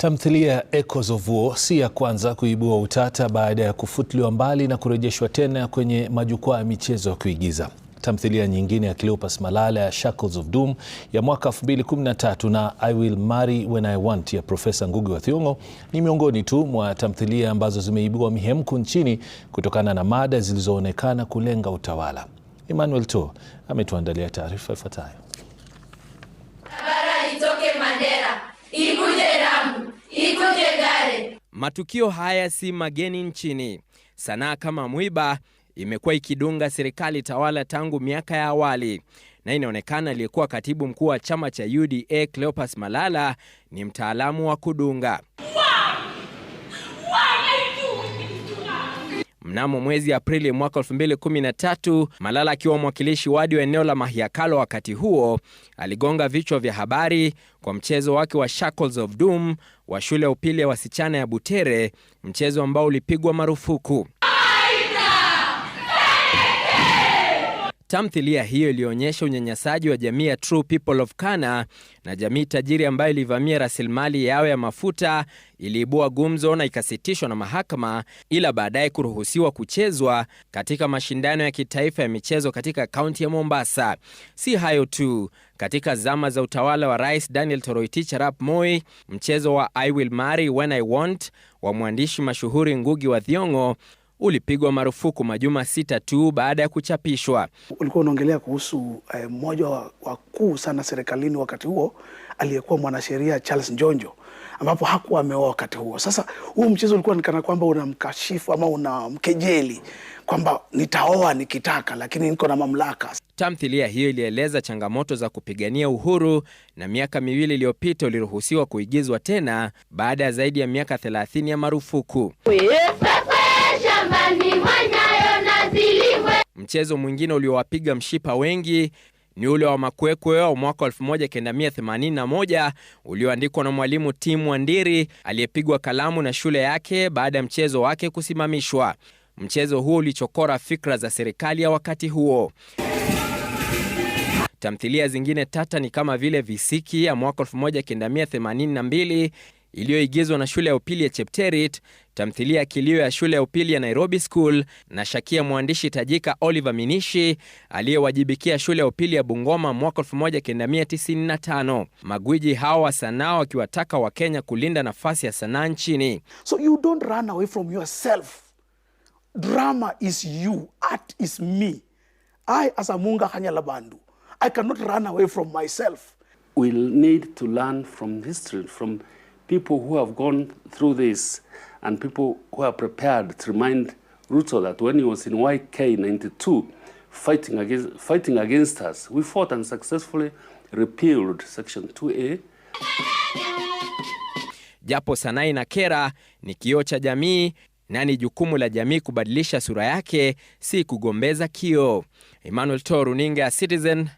Tamthilia ya Echoes of War si ya kwanza kuibua utata baada ya kufutiliwa mbali na kurejeshwa tena kwenye majukwaa ya michezo ya kuigiza. Tamthilia nyingine ya Cleopas Malala ya Shackles of Doom ya mwaka 2013 na I Will Marry When I Want ya Profesa Ngugi wa Thiong'o ni miongoni tu mwa tamthilia ambazo zimeibua mihemko nchini kutokana na mada zilizoonekana kulenga utawala. Emmanuel To ametuandalia taarifa ifuatayo. Matukio haya si mageni nchini. Sanaa kama mwiba imekuwa ikidunga serikali tawala tangu miaka ya awali, na inaonekana aliyekuwa katibu mkuu wa chama cha UDA Cleopas Malala ni mtaalamu wa kudunga. Mnamo mwezi Aprili mwaka 2013, Malala akiwa mwakilishi wadi wa eneo la Mahiakalo wakati huo aligonga vichwa vya habari kwa mchezo wake wa Shackles of Doom wa shule ya upili ya wasichana ya Butere, mchezo ambao ulipigwa marufuku. Tamthilia hiyo ilionyesha unyanyasaji wa jamii ya True People of Kana na jamii tajiri ambayo ilivamia rasilimali yao ya mafuta, iliibua gumzo na ikasitishwa na mahakama, ila baadaye kuruhusiwa kuchezwa katika mashindano ya kitaifa ya michezo katika kaunti ya Mombasa. Si hayo tu, katika zama za utawala wa Rais Daniel Toroitich arap Moi, mchezo wa I Will Marry When I Want wa mwandishi mashuhuri Ngugi wa Thiong'o ulipigwa marufuku majuma sita tu baada ya kuchapishwa. Ulikuwa unaongelea kuhusu eh, mmoja wa wakuu sana serikalini wakati huo aliyekuwa mwanasheria Charles Njonjo ambapo hakuwa ameoa wakati huo. Sasa huu mchezo ulikuwa nikana kwamba unamkashifu ama unamkejeli kwamba nitaoa nikitaka, lakini niko na mamlaka. Tamthilia hiyo ilieleza changamoto za kupigania uhuru, na miaka miwili iliyopita uliruhusiwa kuigizwa tena baada ya zaidi ya miaka 30 ya marufuku. Mchezo mwingine uliowapiga mshipa wengi ni ule wa makwekwe wa mwaka 1981 ulioandikwa na mwalimu Tim Wandiri aliyepigwa kalamu na shule yake baada ya mchezo wake kusimamishwa. Mchezo huo ulichokora fikra za serikali ya wakati huo. Tamthilia zingine tata ni kama vile Visiki ya mwaka 1982 iliyoigizwa na shule ya upili ya Chepterit, tamthilia ya Kilio ya shule ya upili ya Nairobi School na shakia mwandishi tajika Oliver Minishi aliyewajibikia shule ya upili ya Bungoma mwaka 1995. Magwiji hawa wa sanaa wakiwataka Wakenya kulinda nafasi ya sanaa nchini. So you don't run away from yourself. Drama is you, art is me. I as a munga Kanyala labandu. I cannot run away from myself. We'll need to learn from history, from people who have gone through this and people who are prepared to remind Ruto that when he was in YK 92 fighting against, fighting against us, we fought and successfully repealed Section 2A. Japo sanaa inakera, ni kioo cha jamii na ni jukumu la jamii kubadilisha sura yake, si kugombeza kioo. Emmanuel To, runinga ya Citizen,